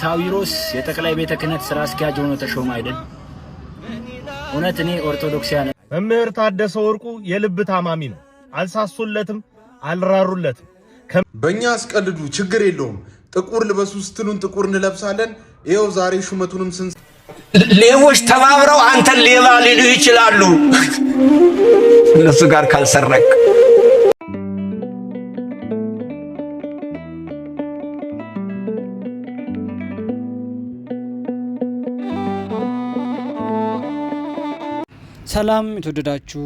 ሳዊሮስ የጠቅላይ ቤተ ክህነት ስራ አስኪያጅ ሆኖ ተሾመ አይደል? እውነት እኔ ኦርቶዶክሲያን መምህር ታደሰ ወርቁ የልብ ታማሚ ነው። አልሳሱለትም፣ አልራሩለትም። በእኛ አስቀልዱ፣ ችግር የለውም። ጥቁር ልበሱ ስትሉን ጥቁር እንለብሳለን። ይኸው ዛሬ ሹመቱንም ስንስ ሌቦች ተባብረው አንተን ሌባ ሊሉ ይችላሉ፣ እነሱ ጋር ካልሰረቅ። ሰላም የተወደዳችሁ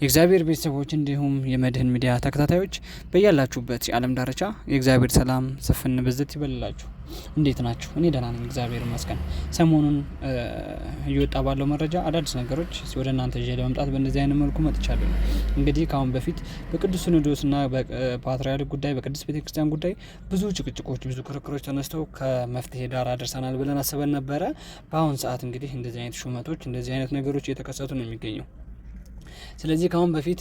የእግዚአብሔር ቤተሰቦች እንዲሁም የመድህን ሚዲያ ተከታታዮች በያላችሁበት የዓለም ዳርቻ የእግዚአብሔር ሰላም ስፍን ብዝት ይበልላችሁ። እንዴት ናችሁ? እኔ ደህና ነኝ፣ እግዚአብሔር ይመስገን። ሰሞኑን እየወጣ ባለው መረጃ አዳዲስ ነገሮች ወደ እናንተ ይዤ ለመምጣት በእንደዚህ አይነት መልኩ መጥቻለሁ። እንግዲህ ከአሁን በፊት በቅዱስ ሲኖዶስና በፓትርያርክ ጉዳይ፣ በቅዱስ ቤተክርስቲያን ጉዳይ ብዙ ጭቅጭቆች፣ ብዙ ክርክሮች ተነስተው ከመፍትሄ ዳር አደርሰናል ብለን አስበን ነበረ። በአሁን ሰዓት እንግዲህ እንደዚህ አይነት ሹመቶች፣ እንደዚህ አይነት ነገሮች እየተከሰቱ ነው የሚገኘው ስለዚህ ከአሁን በፊት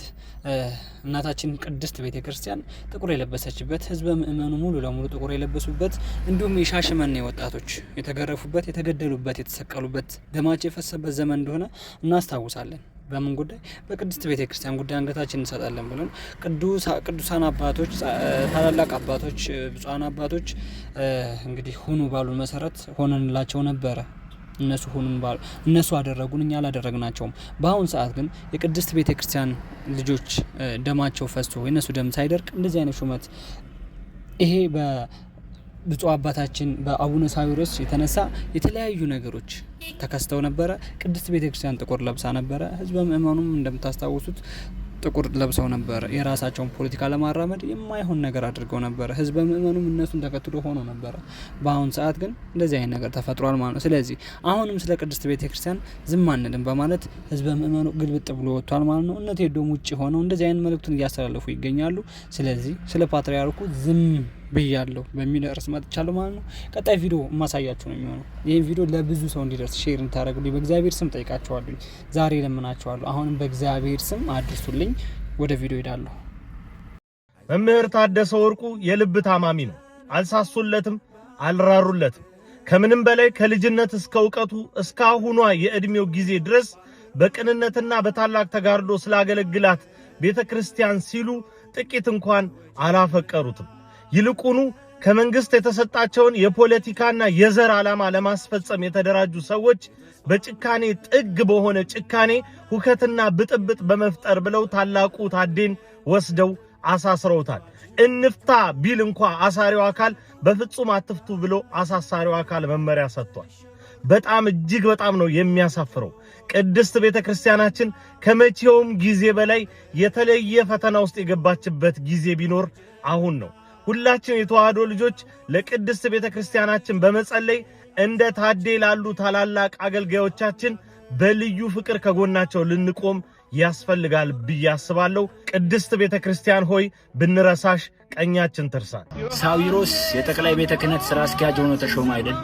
እናታችን ቅድስት ቤተ ክርስቲያን ጥቁር የለበሰችበት ህዝበ ምእመኑ ሙሉ ለሙሉ ጥቁር የለበሱበት እንዲሁም የሻሸመኔ ወጣቶች የተገረፉበት፣ የተገደሉበት፣ የተሰቀሉበት ደማቸው የፈሰበት ዘመን እንደሆነ እናስታውሳለን። በምን ጉዳይ? በቅድስት ቤተ ክርስቲያን ጉዳይ አንገታችን እንሰጣለን ብለን ቅዱሳን አባቶች፣ ታላላቅ አባቶች፣ ብፁዓን አባቶች እንግዲህ ሁኑ ባሉ መሰረት ሆነንላቸው ነበረ። እነሱ ሆኑን ባሉ እነሱ አደረጉን እኛ አላደረግናቸውም። በአሁን ሰዓት ግን የቅድስት ቤተ ክርስቲያን ልጆች ደማቸው ፈሶ የእነሱ ደም ሳይደርቅ እንደዚህ አይነት ሹመት ይሄ ብፁዕ አባታችን በአቡነ ሳዊሮስ የተነሳ የተለያዩ ነገሮች ተከስተው ነበረ። ቅድስት ክርስቲያን ጥቁር ለብሳ ነበረ። ህዝበ ምእመኑም እንደምታስታውሱት ጥቁር ለብሰው ነበር የራሳቸውን ፖለቲካ ለማራመድ የማይሆን ነገር አድርገው ነበር። ህዝበ ምእመኑም እነሱን ተከትሎ ሆኖ ነበረ። በአሁኑ ሰዓት ግን እንደዚህ አይነት ነገር ተፈጥሯል ማለት ነው። ስለዚህ አሁንም ስለ ቅድስት ቤተ ክርስቲያን ዝም አንልም በማለት ህዝበ ምእመኑ ግልብጥ ብሎ ወጥቷል ማለት ነው። እነ ቴዶም ውጭ ሆነው እንደዚህ አይነት መልእክቱን እያስተላለፉ ይገኛሉ። ስለዚህ ስለ ፓትርያርኩ ዝም ብያለሁ በሚል ርዕስ መጥቻለሁ ማለት ነው። ቀጣይ ቪዲዮ የማሳያችሁ ነው የሚሆነው። ይህን ቪዲዮ ለብዙ ሰው እንዲደርስ ሼር እንታደረጉልኝ በእግዚአብሔር ስም ጠይቃችኋለሁ። ዛሬ ለምናችኋለሁ። አሁንም በእግዚአብሔር ስም አድርሱልኝ። ወደ ቪዲዮ ሄዳለሁ። መምህር ታደሰ ወርቁ የልብ ታማሚ ነው። አልሳሱለትም፣ አልራሩለትም። ከምንም በላይ ከልጅነት እስከ እውቀቱ እስካሁኗ የዕድሜው ጊዜ ድረስ በቅንነትና በታላቅ ተጋድሎ ስላገለግላት ቤተ ክርስቲያን ሲሉ ጥቂት እንኳን አላፈቀሩትም። ይልቁኑ ከመንግስት የተሰጣቸውን የፖለቲካና የዘር ዓላማ ለማስፈጸም የተደራጁ ሰዎች በጭካኔ ጥግ በሆነ ጭካኔ ሁከትና ብጥብጥ በመፍጠር ብለው ታላቁ ታዴን ወስደው አሳስረውታል። እንፍታ ቢል እንኳ አሳሪው አካል በፍጹም አትፍቱ ብሎ አሳሳሪው አካል መመሪያ ሰጥቷል። በጣም እጅግ በጣም ነው የሚያሳፍረው። ቅድስት ቤተ ክርስቲያናችን ከመቼውም ጊዜ በላይ የተለየ ፈተና ውስጥ የገባችበት ጊዜ ቢኖር አሁን ነው። ሁላችን የተዋህዶ ልጆች ለቅድስት ቤተ ክርስቲያናችን በመጸለይ እንደ ታዴ ላሉ ታላላቅ አገልጋዮቻችን በልዩ ፍቅር ከጎናቸው ልንቆም ያስፈልጋል ብዬ አስባለሁ። ቅድስት ቤተ ክርስቲያን ሆይ ብንረሳሽ ቀኛችን ትርሳል። ሳዊሮስ የጠቅላይ ቤተ ክህነት ስራ አስኪያጅ ሆኖ ተሾመ አይደል?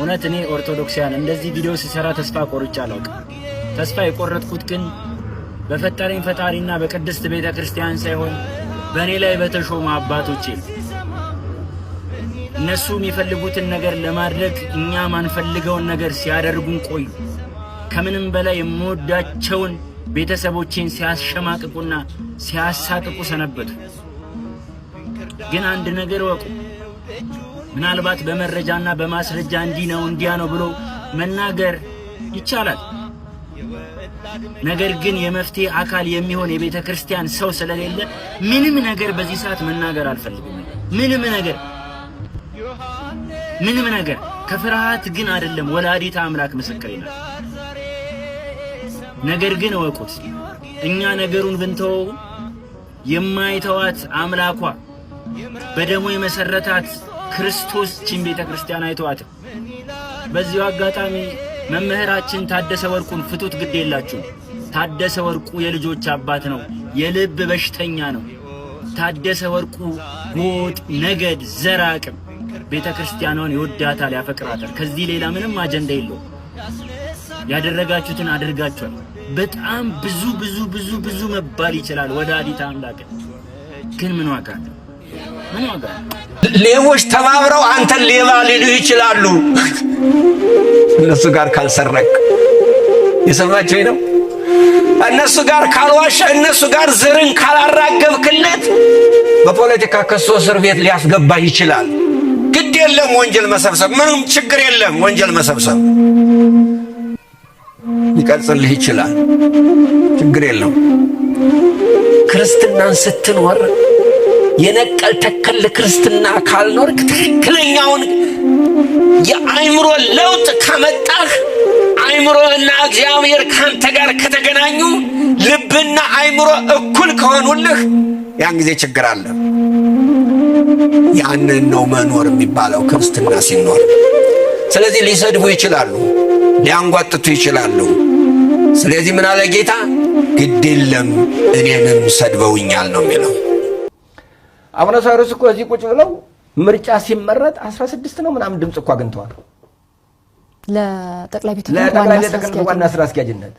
እውነት እኔ ኦርቶዶክሲያን እንደዚህ ቪዲዮ ሲሠራ ተስፋ ቆርጬ አላውቅም። ተስፋ የቆረጥኩት ግን በፈጠረኝ ፈጣሪና በቅድስት ቤተ ክርስቲያን ሳይሆን በእኔ ላይ በተሾሙ አባቶቼ እነሱ የሚፈልጉትን ነገር ለማድረግ እኛ ማንፈልገውን ነገር ሲያደርጉን ቆዩ። ከምንም በላይ የምወዳቸውን ቤተሰቦቼን ሲያሸማቅቁና ሲያሳቅቁ ሰነበቱ። ግን አንድ ነገር ወቁ። ምናልባት በመረጃና በማስረጃ እንዲህ ነው እንዲያ ነው ብሎ መናገር ይቻላል። ነገር ግን የመፍትሄ አካል የሚሆን የቤተ ክርስቲያን ሰው ስለሌለ ምንም ነገር በዚህ ሰዓት መናገር አልፈልግም። ምንም ነገር ምንም ነገር ከፍርሃት ግን አይደለም። ወላዲተ አምላክ ምስክሬ ነው። ነገር ግን እወቁት፣ እኛ ነገሩን ብንተው የማይተዋት አምላኳ በደሞ የመሰረታት ክርስቶስ ችን ቤተ ክርስቲያን አይተዋትም። በዚሁ አጋጣሚ መምህራችን ታደሰ ወርቁን ፍቱት፣ ግድ የላችሁ። ታደሰ ወርቁ የልጆች አባት ነው። የልብ በሽተኛ ነው። ታደሰ ወርቁ ጎጥ፣ ነገድ፣ ዘር አቅም ቤተ ክርስቲያኗን ይወዳታል፣ ያፈቅራታል። ከዚህ ሌላ ምንም አጀንዳ የለው ያደረጋችሁትን አድርጋችኋል። በጣም ብዙ ብዙ ብዙ ብዙ መባል ይችላል። ወደ አዲት አምላክ ግን ምን ዋጋ ሌቦች ተባብረው አንተን ሌባ ሊሉ ይችላሉ፣ እነሱ ጋር ካልሰረቅ። የሰማቸው ነው። እነሱ ጋር ካልዋሸ፣ እነሱ ጋር ዝርን ካላራገብክለት በፖለቲካ ከሶ እስር ቤት ሊያስገባ ይችላል። ግድ የለም ወንጀል መሰብሰብ፣ ምንም ችግር የለም ወንጀል መሰብሰብ ሊቀርጽልህ ይችላል። ችግር የለም። ክርስትናን ስትኖር የነቀል ተከል ክርስትና ካልኖርክ ትክክለኛውን የአይምሮ ለውጥ ካመጣህ አይምሮና እግዚአብሔር ካንተ ጋር ከተገናኙ ልብና አይምሮ እኩል ከሆኑልህ ያን ጊዜ ችግር አለ። ያንን ነው መኖር የሚባለው ክርስትና ሲኖር። ስለዚህ ሊሰድቡ ይችላሉ፣ ሊያንጓጥቱ ይችላሉ። ስለዚህ ምን አለ ጌታ? ግድ የለም እኔንም ሰድበውኛል ነው የሚለው። አቡነ ሳይሮስ እኮ እዚህ ቁጭ ብለው ምርጫ ሲመረጥ 16 ነው ምናምን ድምፅ እኮ አግኝተዋል ለጠቅላይ ቤተ ክህነት ዋና ስራ አስኪያጅነት።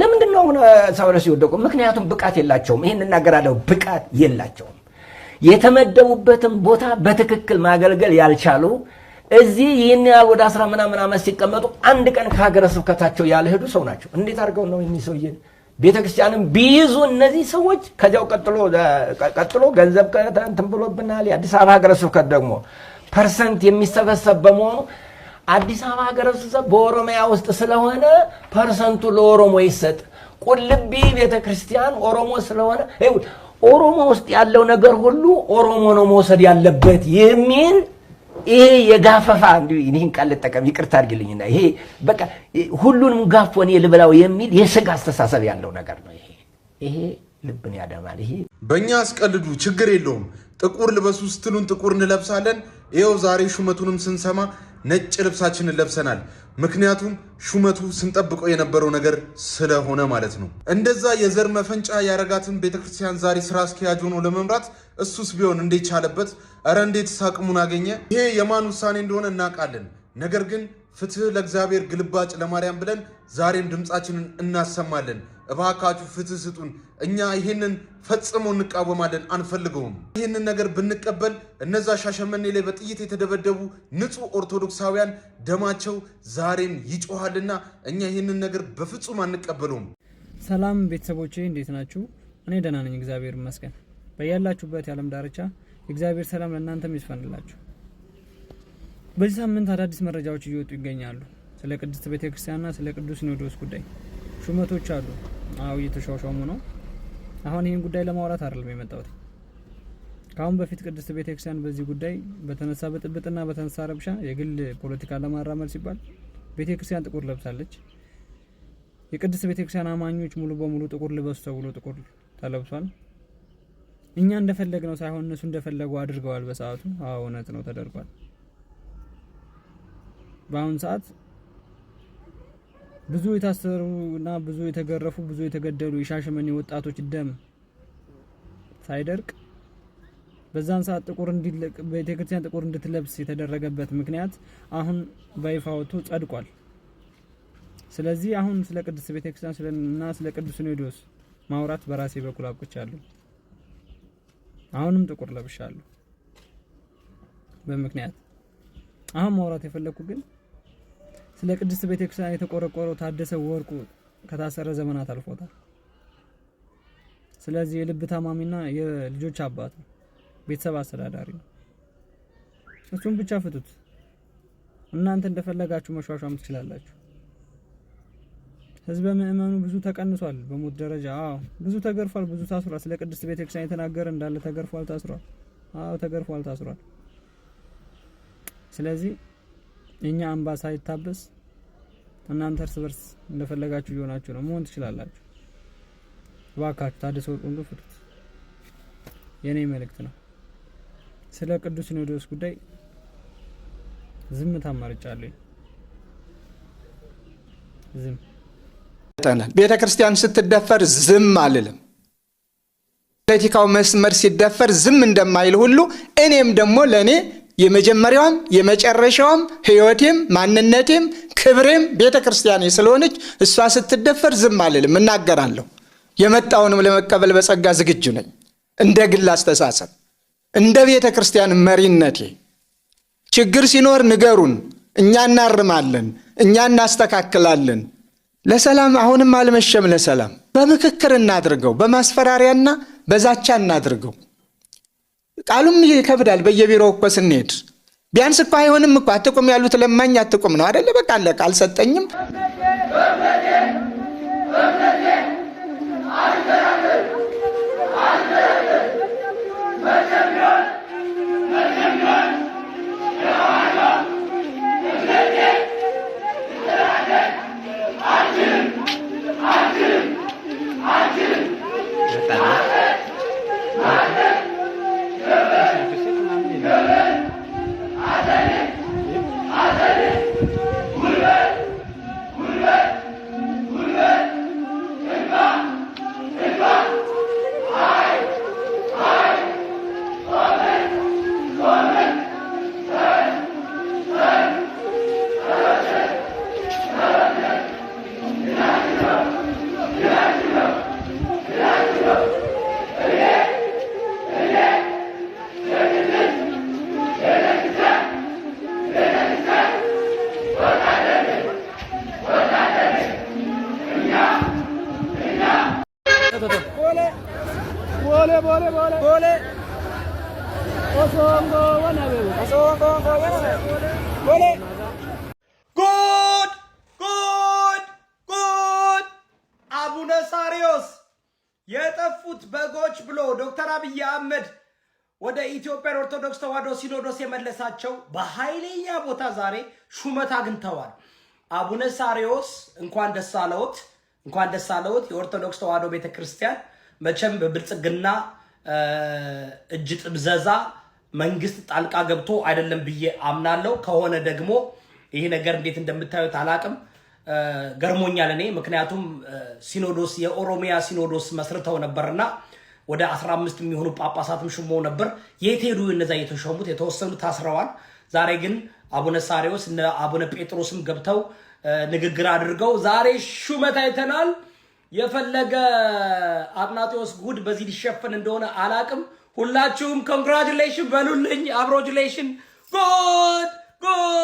ለምንድን ነው አቡነ ሳዊሮስ ሲወደቁ? ምክንያቱም ብቃት የላቸውም። ይህን እናገራለሁ። ብቃት የላቸውም። የተመደቡበትን ቦታ በትክክል ማገልገል ያልቻሉ እዚህ ይህን ያህል ወደ አስራ ምናምን ዓመት ሲቀመጡ አንድ ቀን ከሀገረ ስብከታቸው ያልሄዱ ሰው ናቸው። እንዴት አድርገው ነው የሚሰውየን ቤተ ክርስቲያንም ቢይዙ እነዚህ ሰዎች ከዚያው ቀጥሎ ገንዘብ እንትን ብሎብናል። የአዲስ አበባ ሀገረ ስብከት ደግሞ ፐርሰንት የሚሰበሰብ በመሆኑ አዲስ አበባ ሀገረ ስብከት በኦሮሚያ ውስጥ ስለሆነ ፐርሰንቱ ለኦሮሞ ይሰጥ። ቁልቢ ቤተ ክርስቲያን ኦሮሞ ስለሆነ ኦሮሞ ውስጥ ያለው ነገር ሁሉ ኦሮሞ ነው መውሰድ ያለበት የሚል ይሄ የጋፈፋ እኔን ቃል ልጠቀም ይቅርታ አድርግልኝና፣ ይሄ በቃ ሁሉንም ጋፎን ልብላው የሚል የስጋ አስተሳሰብ ያለው ነገር ነው። ይሄ ይሄ ልብን ያደማል። ይሄ በእኛ አስቀልዱ፣ ችግር የለውም ጥቁር ልበሱ ስትሉን ጥቁር እንለብሳለን። ይኸው ዛሬ ሹመቱንም ስንሰማ ነጭ ልብሳችንን ለብሰናል። ምክንያቱም ሹመቱ ስንጠብቀው የነበረው ነገር ስለሆነ ማለት ነው። እንደዛ የዘር መፈንጫ ያረጋትን ቤተክርስቲያን ዛሬ ስራ አስኪያጅ ሆኖ ለመምራት እሱስ ቢሆን እንዴት ቻለበት? እረ እንዴት ሳቅሙን አገኘ? ይሄ የማን ውሳኔ እንደሆነ እናውቃለን። ነገር ግን ፍትህ ለእግዚአብሔር ግልባጭ ለማርያም ብለን ዛሬም ድምፃችንን እናሰማለን። እባካችሁ ፍትህ ስጡን። እኛ ይህንን ፈጽሞ እንቃወማለን፣ አንፈልገውም። ይህንን ነገር ብንቀበል እነዛ ሻሸመኔ ላይ በጥይት የተደበደቡ ንጹህ ኦርቶዶክሳውያን ደማቸው ዛሬም ይጮሃልና እኛ ይህንን ነገር በፍጹም አንቀበለውም። ሰላም ቤተሰቦቼ፣ እንዴት ናችሁ? እኔ ደህና ነኝ፣ እግዚአብሔር ይመስገን። በያላችሁበት የዓለም ዳርቻ የእግዚአብሔር ሰላም ለእናንተም ይስፈንላችሁ። በዚህ ሳምንት አዳዲስ መረጃዎች እየወጡ ይገኛሉ። ስለ ቅድስት ቤተ ክርስቲያንና ስለ ቅዱስ ሲኖዶስ ጉዳይ ሹመቶች አሉ። አዎ እየተሿሿሙ ነው። አሁን ይህን ጉዳይ ለማውራት አይደለም የመጣሁት። ከአሁን በፊት ቅድስት ቤተ ክርስቲያን በዚህ ጉዳይ በተነሳ ብጥብጥና በተነሳ ረብሻ የግል ፖለቲካ ለማራመድ ሲባል ቤተ ክርስቲያን ጥቁር ለብሳለች። የቅድስት ቤተ ክርስቲያን አማኞች ሙሉ በሙሉ ጥቁር ልበሱ ተብሎ ጥቁር ተለብሷል። እኛ እንደፈለግ ነው ሳይሆን እነሱ እንደፈለጉ አድርገዋል። በሰዓቱ አዎ እውነት ነው ተደርጓል። በአሁኑ ሰዓት ብዙ የታሰሩና እና ብዙ የተገረፉ ብዙ የተገደሉ የሻሸመኔ ወጣቶች ደም ሳይደርቅ በዛን ሰዓት ጥቁር እንዲለቅ ቤተክርስቲያን ጥቁር እንድትለብስ የተደረገበት ምክንያት አሁን በይፋ ወጥቶ ጸድቋል። ስለዚህ አሁን ስለ ቅድስት ቤተክርስቲያን ስለና ስለ ቅዱስ ሲኖዶስ ማውራት በራሴ በኩል አብቅቻለሁ። አሁንም ጥቁር ለብሻለሁ በምክንያት። አሁን ማውራት የፈለኩ ግን ስለ ቅድስት ቤተክርስቲያን የተቆረቆረው ታደሰ ወርቁ ከታሰረ ዘመናት አልፎታል። ስለዚህ የልብ ታማሚና የልጆች አባት ነው፣ ቤተሰብ አስተዳዳሪ ነው። እሱም ብቻ ፍቱት። እናንተ እንደፈለጋችሁ መሿሿም ትችላላችሁ። ህዝበ ምእመኑ ብዙ ተቀንሷል፣ በሞት ደረጃ አዎ፣ ብዙ ተገርፏል፣ ብዙ ታስሯል። ስለ ቅድስት ቤተክርስቲያን የተናገረ እንዳለ ተገርፏል፣ ታስሯል። አዎ፣ ተገርፏል፣ ታስሯል። ስለዚህ እኛ አምባ ሳይታበስ እናንተ እርስ በርስ እንደፈለጋችሁ ሊሆናችሁ ነው መሆን ትችላላችሁ። እባካችሁ ታደሰ ወርቁን ፍቱት፣ የኔ መልእክት ነው። ስለ ቅዱስ ሲኖዶስ ጉዳይ ዝምታ መርጫለሁ። ዝም ቤተ ክርስቲያን ስትደፈር ዝም አልልም። ፖለቲካው መስመር ሲደፈር ዝም እንደማይል ሁሉ እኔም ደግሞ ለእኔ የመጀመሪያዋም የመጨረሻዋም ህይወቴም ማንነቴም ክብሬም ቤተ ክርስቲያኔ ስለሆነች እሷ ስትደፈር ዝም አልልም፣ እናገራለሁ። የመጣውንም ለመቀበል በጸጋ ዝግጁ ነኝ። እንደ ግል አስተሳሰብ፣ እንደ ቤተ ክርስቲያን መሪነቴ ችግር ሲኖር ንገሩን፣ እኛ እናርማለን፣ እኛ እናስተካክላለን። ለሰላም አሁንም አልመሸም። ለሰላም በምክክር እናድርገው፣ በማስፈራሪያና በዛቻ እናድርገው። ቃሉም ይከብዳል። በየቢሮው እኮ ስንሄድ ቢያንስ እኮ አይሆንም እኮ አትቁም ያሉት ለማኝ አትቁም ነው አደለ? በቃ አለቀ አልሰጠኝም ጉድ ጉድ ጉድ! አቡነ ሳሪዮስ የጠፉት በጎች ብሎ ዶክተር አብይ አህመድ ወደ ኢትዮጵያ ኦርቶዶክስ ተዋሕዶ ሲኖዶስ የመለሳቸው በኃይለኛ ቦታ ዛሬ ሹመት አግኝተዋል። አቡነ ሳሪዮስ እንኳን ደስ አለዎት፣ እንኳን ደስ አለዎት። የኦርቶዶክስ ተዋህዶ ቤተክርስቲያን መቼም በብልጽግና እጅ ጥምዘዛ መንግስት ጣልቃ ገብቶ አይደለም ብዬ አምናለሁ። ከሆነ ደግሞ ይሄ ነገር እንዴት እንደምታዩት አላቅም፣ ገርሞኛል እኔ ምክንያቱም ሲኖዶስ የኦሮሚያ ሲኖዶስ መስርተው ነበርና ወደ 15 የሚሆኑ ጳጳሳትም ሹመው ነበር። የት ሄዱ እነዛ የተሾሙት? የተወሰኑ ታስረዋል። ዛሬ ግን አቡነ ሳሪዎስ እነ አቡነ ጴጥሮስም ገብተው ንግግር አድርገው ዛሬ ሹመት አይተናል የፈለገ አትናቴዎስ ጉድ በዚህ ሊሸፈን እንደሆነ አላቅም። ሁላችሁም ኮንግራጁሌሽን በሉልኝ። አብሮጁሌሽን ጉድ ጉድ